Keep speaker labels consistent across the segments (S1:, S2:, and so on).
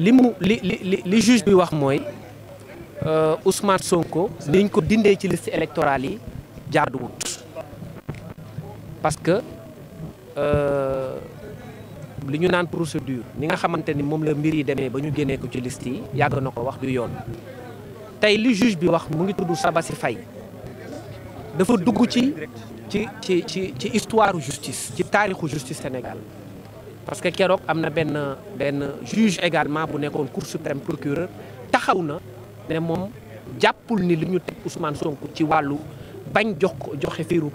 S1: li mu li li li juge bi wax mooy euh, Ousmane Sonko niñ ko dindee ci liste électorale yi jaaduwut parce que euh, li ñu naan procédure ni nga xamante ni moom la mbir yi demee ba ñu génnee ko ci list yi yàgg na ko wax du yoon tey li juge bi wax mu ngi tudd Sabassi Faye dafa dugg ci ci ci ci ci histoire justice ci taarixu justice Sénégal parce que keroog am na benn benn juge également bu nekkoon cour suprême procureur taxaw na ne moom jàppul ni li ñu teg Ousmane Sonko ci wàllu bañ jox ko joxe firu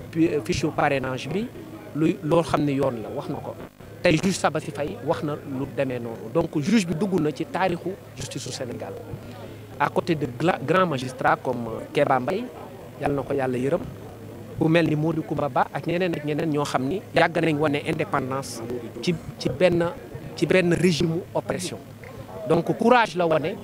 S1: fichu parrainage bi lu loo xam ne yoon la wax na ko tey juge Sabassy Faye wax na lu demee noonu donc juge bi dugg na ci taarixu justice su Sénégal à côté de grands magistrats comme Kéba Mbaye yàlla na ko yàlla yërëm ku mel ni Modou Coumba Ba ak ñeneen ak ñeneen ñoo xam ni yàgg nañ wane indépendance ci ci benn ci benn régime oppression donc courage la wane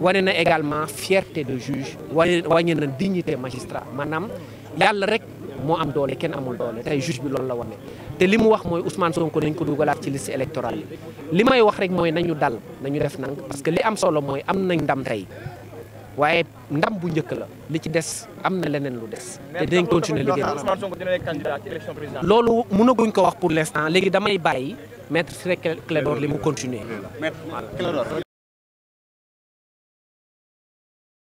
S1: wane na également fierté de juge wane wane na dignité magistrat maanaam yàlla rek moo am doole kenn amul doole tey juge bi loolu la wane te li mu wax mooy Ousmane Sonko nañ ko dugalaat ci liste électorale yi li may wax rek mooy nañu dal nañu def nang parce que li am solo mooy am nañ ndam tey waaye ndam bu njëkk la li ci des am na leneen lu des te dinañ continuer
S2: liggéey loolu
S1: mënaguñ ko wax pour l'instant léegi damay bàyyi maître Ciré Clédor li mu
S2: continue